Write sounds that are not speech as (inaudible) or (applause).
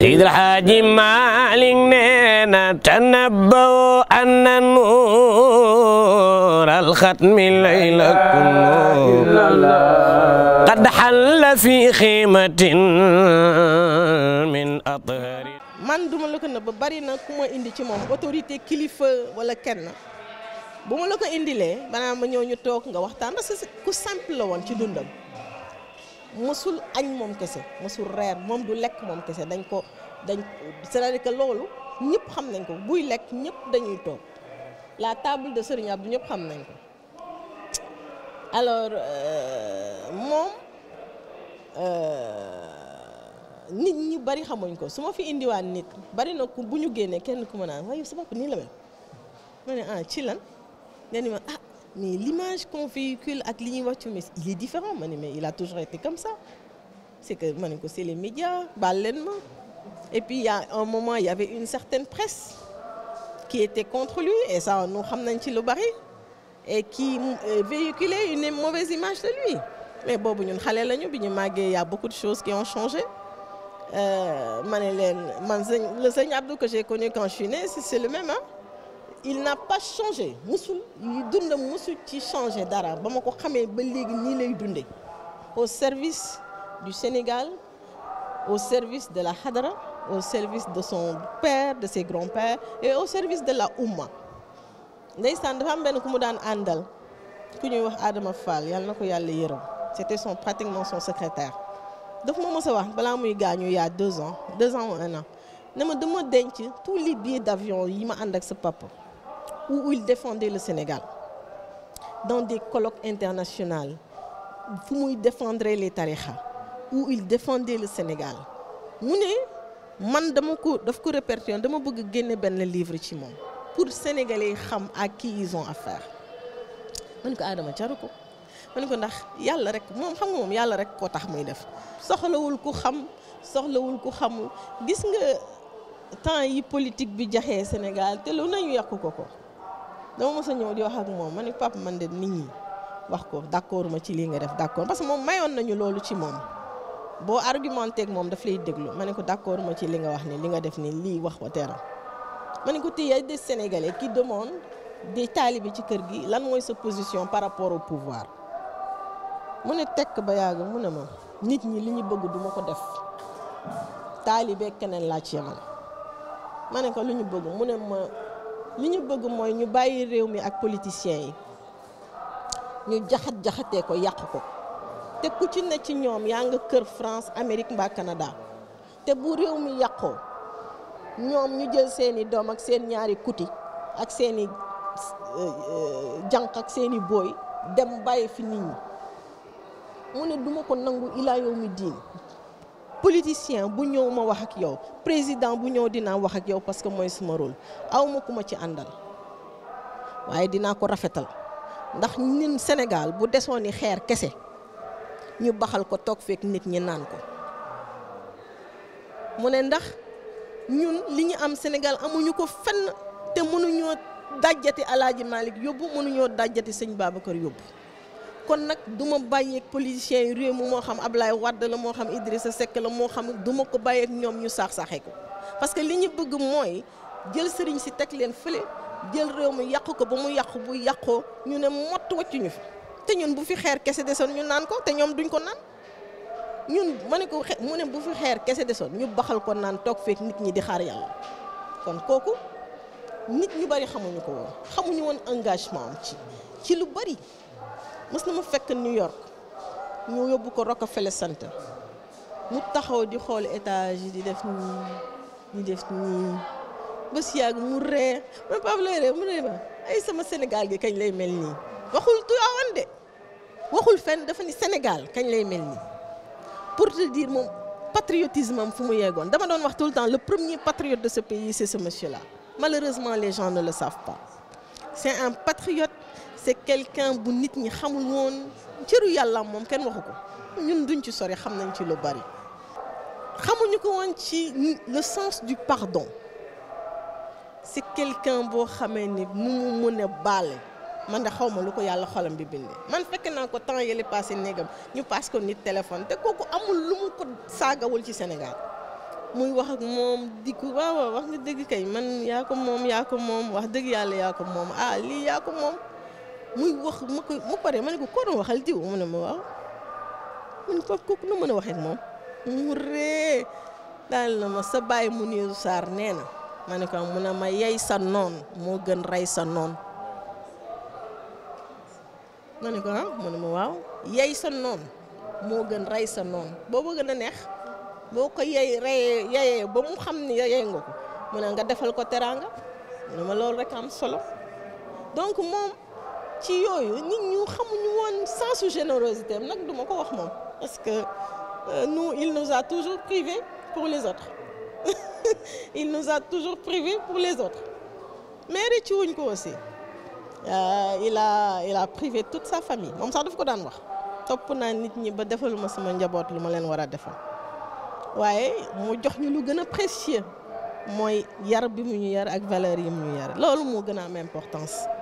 Seydi El Hadji nee na tanabbaw anna nuur al-xatmi laylakum qad halla fi xiimatin min athari bari na ku kilifa wala kenn bu ma ko indilee maanaam ma ñëw ñu toog nga waxtaan parce ku simple la woon ci dundam mosul añ moom kese mësul reer moom du lekk moom kese dañ ko dañ c'est-à-dire que loolu ñëpp xam nañ ko buy lekk ñëpp dañuy toog la table de Serigne bu ñëpp xam nañ ko alors euh, moom euh, nit ñi bari xamuñ ko su ma fi indiwaan nit bari na ku bu ñu génnee kenn ku ma naan waaye sa bopp nii la mel ma ne ah ci lan nga ni ma ah. mais l'image qu'on véhicule ak li ñuy wax ci Messi il est différent ma ne mais il a toujours été comme ça c'est que ma ne ko c'est les médias baal leen ma et puis y a un moment y avait une certaine presse qui était contre lui et ça nous xam nañ ci lu bari et qui euh, véhiculait une mauvaise image de lui mais boobu ñun xale lañu bi ñu màggee y a beaucoup de choses qui ont changé euh, ma ne leen man sëñ le sëñ Abdou que j'ai connu quand je suis c'est le même hein il n'a pas changé musul yu dund musul ci changé dara ba ma ko xamee ba léegi nii lay dundee au service du Sénégal au service de la Hadara au service de son père de ses grands-pères et au service de la Oumma ndeysaan dafa am benn ku mu daan àndal ku ñuy wax Adama Fall yal na ko yàlla yërëm c'était son pratiquement son secrétaire daf ma mës a wax balaa muy gaañu il y a deux ans deux ans ou un an ma dama dence tous les billets d'avion yi ma ànd ak sa papa où il défendait le Sénégal dans des colloques internationaux fu muy défendre les tarixa où il défendait le Sénégal mu ne man dama ko daf ko répertion dama bëgg génne benn livre ci moom pour sénégalais xam ak qui ils affaire man ko Adama jaru ko man ko ndax yàlla rek moom xam nga moom yàlla rek koo tax muy def soxlawul ku xam soxlawul ku xamul gis nga temps yi politique bi jaxee Sénégal te lu nañu yàqu ko ko dama mës a ñëw di wax ak moom ma ne papa man de nit ñi wax ko d' accord ma ci lii nga def d' accord parce que moom mayoon nañu loolu ci moom boo argumenté ak moom daf lay déglu ma ne ko d' ma ci li nga wax ni li nga def ni lii wax ko teral ma ne ko tey y a des sénégalais qui demandent des ci kër gi lan mooy sa position par rapport au pouvoir mu ne tekk ba yàgg mu ne ma nit ñi li ñu bëgg duma ko def taalibe keneen laa ci yemal ma ne ko lu ñu bëgg li ñu bëgg mooy ñu bàyyi réew mi ak politiciens yi ñu jaxat jaxatee ko yàq ko te ku ci ne ci ñoom yaa nga kër France Amérique mbaa Canada te bu réew mi yàqoo ñoom ñu jël seeni doom ak seen ñaari kuti ak seeni euh, jànq ak seeni booy dem bàyyi fi nit ñi mu ne duma ko nangu ilaa yow mi diin politicien bu ñëw ma wax ak yow président bu ñëw dinaa wax ak yow parce que mooy suma rôle aw ma ku ma ci àndal waaye dinaa ko rafetal ndax ñun Sénégal bu desoon ni xeer kese ñu baxal ko toog fekk nit ñi naan ko mu ne ndax ñun li ñu am Sénégal amuñu ko fenn te mënuñoo dajjati Alaaji Malick yóbbu mënuñoo dajjati sëñ Babacar yóbbu kon nag du ma bàyyeeg politiciens réew mi moo xam Ablaye Wade la moo xam Idrissa Seck la moo xam du ma ko bàyyeeg ñoom ñu saax-saaxee ko parce que li ñu bëgg mooy jël sëriñ si teg leen fële jël réew mi yàq ko ba mu yàqu bu yàqoo ñu ne mott wàccuñu fi te ñun bu fi xeer kese desoon ñu naan ko te ñoom duñ ko naan ñun ma ne mu ne bu fi xeer kese desoon ñu baxal ko naan toog feek nit ñi di xaar yàlla kon kooku nit ñu bari xamuñu ko woon xamuñu woon engagement am ci ci lu bari mës na ma fekk New York ñu yóbbu ko Rockefeller Center mu taxaw di xool étage di def nii di def nii bés yàgg mu ree man Pape ree mu ree ma ay sama Sénégal gi kañ lay mel nii waxul Tivaouane de waxul fenn dafa ni Sénégal kañ lay mel nii pour te dire moom patriotisme am fu mu yegoon dama doon wax tout le temps le premier patriote de ce pays c'est ce monsieur malheureusement les gens ne le savent pas c'est un patriote c'est quelqu'un bu nit ñi xamul woon cëru yàlla moom kenn waxu ko ñun duñ ci sori xam nañ ci lu bari xamuñu ko woon ci le sens du pardon c'est quelqu'un boo xamee ni mu mu mën a baale man de xaw ma lu ko yàlla xolam bi bindee man fekk naa ko temps yële passé néegam ñu paas ko nit téléphone te kooku amul lu mu ko saagawul ci Sénégal muy wax ak moom di ko wax nga dëgg kay man yaa ko moom yaa moom wax dëgg yàlla yaa ko moom ah lii yaa moom muy wax ma ko mu pare ma ne ko ma waaw man moom mu ree daal na ma sa baay mu niiru saar nee na ma ne ko mu ne ma yey sa noon moo gën rey sa noon ma ne ko ah, ma waaw yey sa noon moo gën rey sa noon boo boo ko yey reyee yeyee ba mu xam ni yeyee nga ko mu ne nga defal ko teraanga mu ne ma loolu rek am solo donc moom ci yooyu nit ñu xamuñu woon sensu générosité am nag duma ko wax moom parce que euh, nous il nous a toujours privés les autres (laughs) il nous a toujours privés les autres mais rëccu wuñ ko aussi euh, il a il a privé toute sa famille moom sax daf ko daan wax topp naa nit ñi ba defaluma sama njaboot lu ma leen war a defal waaye mu jox ñu lu gën a précieux mooy yar bi mu ñu yar ak valeur yi mu ñu yar loolu moo gën a am importance